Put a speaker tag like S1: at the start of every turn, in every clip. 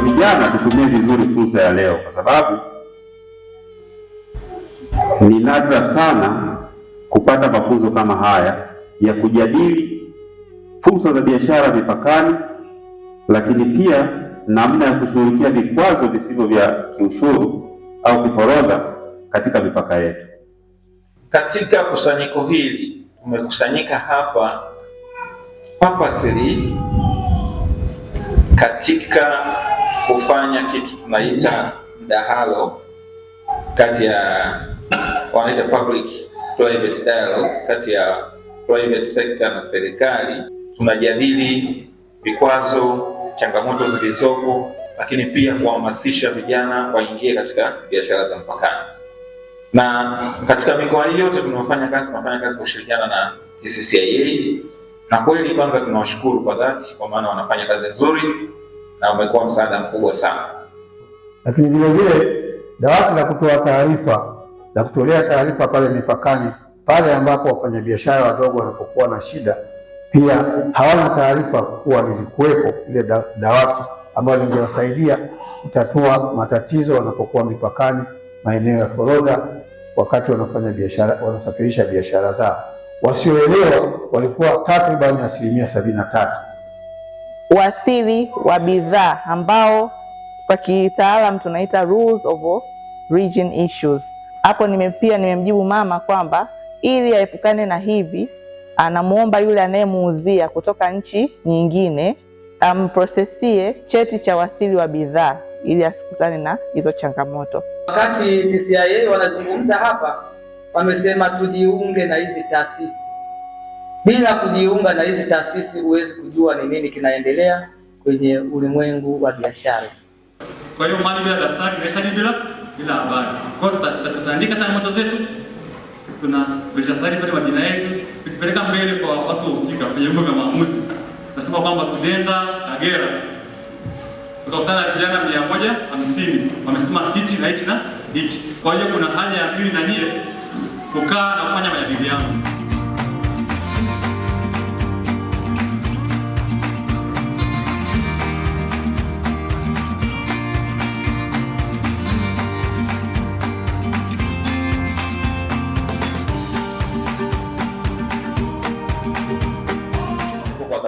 S1: hiyo vijana, tutumie vizuri fursa ya leo, kwa sababu ni nadra sana kupata mafunzo kama haya ya kujadili fursa za biashara mipakani, lakini pia namna ya kushughulikia vikwazo visivyo vya kiushuru au kiforodha katika mipaka yetu.
S2: Katika kusanyiko hili tumekusanyika hapa papasili katika kufanya kitu tunaita mdahalo kati ya wanaita public private dialogue, kati ya private sector na serikali. Tunajadili vikwazo, changamoto zilizopo, lakini pia kuhamasisha vijana waingie katika biashara za mpakani na katika mikoa hii yote tunafanya kazi, tunafanya kazi kushirikiana na TCCIA, na kweli kwanza tunawashukuru kwa dhati, kwa maana wanafanya kazi nzuri na umekuwa msaada mkubwa sana.
S1: Lakini vilevile dawati la kutoa taarifa la kutolea taarifa pale mipakani, pale ambapo wafanyabiashara wadogo wanapokuwa na shida, pia hawana taarifa kuwa lilikuwepo ile da, dawati ambayo lingewasaidia kutatua matatizo wanapokuwa mipakani, maeneo ya forodha, wakati wanafanya biashara, wanasafirisha biashara zao. Wasioelewa walikuwa takriban asilimia sabini na tatu
S3: uasili wa bidhaa ambao kwa kitaalam tunaita rules of origin issues. Hapo nime pia nimemjibu mama kwamba ili aepukane na hivi, anamuomba yule anayemuuzia kutoka nchi nyingine amprosesie cheti cha wasili wa bidhaa ili asikutane na hizo changamoto.
S2: Wakati TCCIA wanazungumza hapa, wamesema tujiunge na hizi taasisi bila kujiunga na hizi taasisi huwezi kujua ni nini kinaendelea kwenye ulimwengu wa biashara.
S4: Kwa hiyo mali bila daftari, biashara bila bila habari. Kwa hiyo tutaandika changamoto zetu, tuna biashara pale majina yetu, tukipeleka mbele kwa watu wahusika kwenye vyombo vya maamuzi. Nasema kwamba tulienda Kagera tukakutana na vijana mia moja hamsini wamesema hichi na hichi na hichi. Kwa hiyo kuna haja ya pili na nyie kukaa na kufanya majadiliano.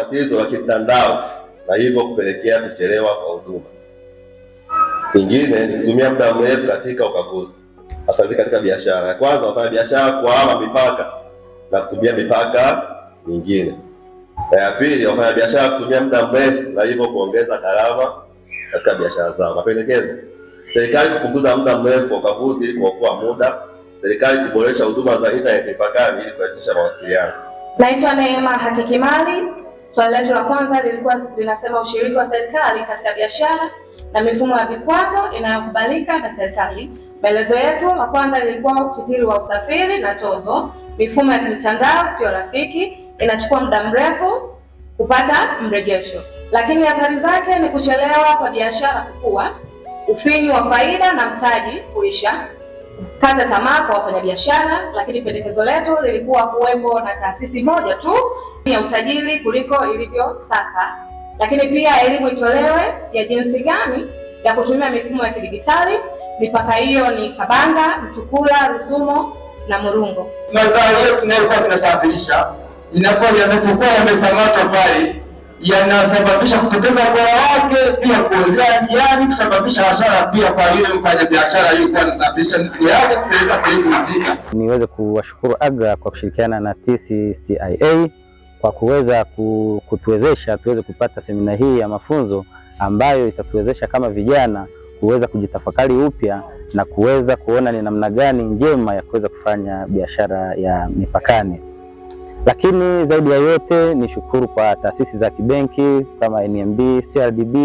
S5: matatizo ya kimtandao na hivyo kupelekea kuchelewa kwa huduma. Kingine ni kutumia muda mrefu katika ukaguzi, hasa katika biashara. Ya kwanza, wafanya biashara kuhama mipaka na kutumia mipaka mingine. Na ya pili, wafanya biashara kutumia muda mrefu na hivyo kuongeza gharama katika biashara zao. Mapendekezo: serikali kupunguza muda mrefu wa ukaguzi ili kuokoa muda. Serikali kuboresha huduma za intaneti mipakani ili kurahisisha mawasiliano.
S6: Naitwa Neema Hakikimali. Swali letu la kwanza lilikuwa linasema ushiriki wa serikali katika biashara na mifumo ya vikwazo inayokubalika na serikali. Maelezo yetu la kwanza lilikuwa utitiri wa usafiri na tozo, mifumo ya mitandao sio rafiki, inachukua muda mrefu kupata mrejesho, lakini athari zake ni kuchelewa kwa biashara kukua, ufinyu wa faida na mtaji kuisha, kata tamaa kwa wafanyabiashara. Lakini pendekezo letu lilikuwa kuwepo na taasisi moja tu ya usajili kuliko ilivyo sasa, lakini pia elimu itolewe ya jinsi gani ya kutumia mifumo ya kidigitali. Mipaka hiyo ni Kabanga, Mtukula, Rusumo na Murungo.
S7: Mazao hiyo tunayokuwa tunasafirisha inakuwa yanapokuwa yamekamatwa pale yanasababisha kupoteza ubora wake, pia kuozea njiani, kusababisha hasara pia kwa yule mfanyabiashara aliyekuwa anasafirisha mizigo yake kupeleka sehemu husika.
S8: Niweze kuwashukuru AGRA kwa kushirikiana na TCCIA kwa kuweza kutuwezesha tuweze kupata semina hii ya mafunzo ambayo itatuwezesha kama vijana kuweza kujitafakari upya na kuweza kuona ni namna gani njema ya kuweza kufanya biashara ya mipakani. Lakini zaidi ya yote ni shukuru kwa taasisi za kibenki kama NMB, CRDB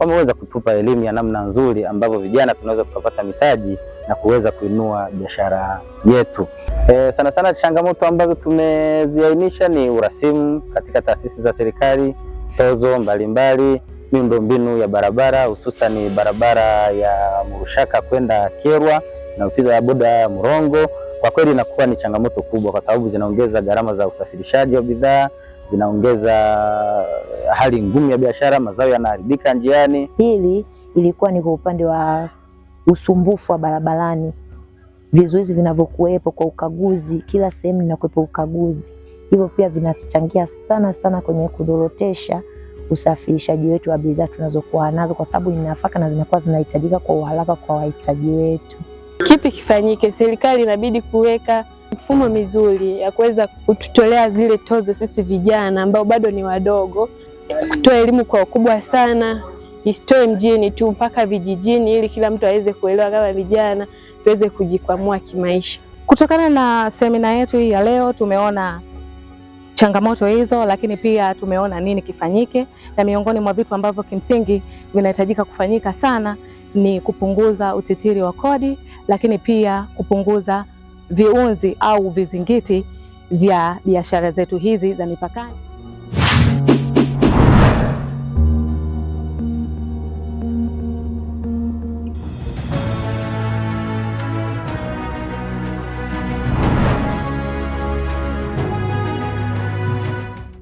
S8: wameweza kutupa elimu ya namna nzuri ambavyo vijana tunaweza tukapata mitaji na kuweza kuinua biashara yetu. E, sana sana changamoto ambazo tumeziainisha ni urasimu katika taasisi za serikali, tozo mbalimbali, miundombinu ya barabara hususan barabara ya Murushaka kwenda Kerwa na ya boda ya Murongo. Kwa kweli inakuwa ni changamoto kubwa, kwa sababu zinaongeza gharama za usafirishaji wa bidhaa, zinaongeza hali ngumu ya biashara, mazao yanaharibika njiani.
S9: Hili ilikuwa ni kwa upande wa usumbufu wa barabarani, vizuizi vinavyokuwepo kwa ukaguzi, kila sehemu inakuwepo ukaguzi. Hivyo pia vinachangia sana sana kwenye kudorotesha usafirishaji wetu wa bidhaa tunazokuwa nazo, kwa sababu ni nafaka na zinakuwa zinahitajika kwa uharaka kwa wahitaji wetu.
S10: Kipi kifanyike? Serikali inabidi kuweka mfumo mizuri ya kuweza kututolea zile tozo sisi vijana ambao bado ni wadogo, kutoa elimu kwa ukubwa sana isitoe mjini tu mpaka vijijini, ili kila mtu aweze kuelewa, kama vijana tuweze kujikwamua kimaisha.
S11: Kutokana na semina yetu hii ya leo, tumeona changamoto hizo, lakini pia tumeona nini kifanyike, na miongoni mwa vitu ambavyo kimsingi vinahitajika kufanyika sana ni kupunguza utitiri wa kodi, lakini pia kupunguza viunzi au vizingiti vya biashara zetu hizi za mipakani.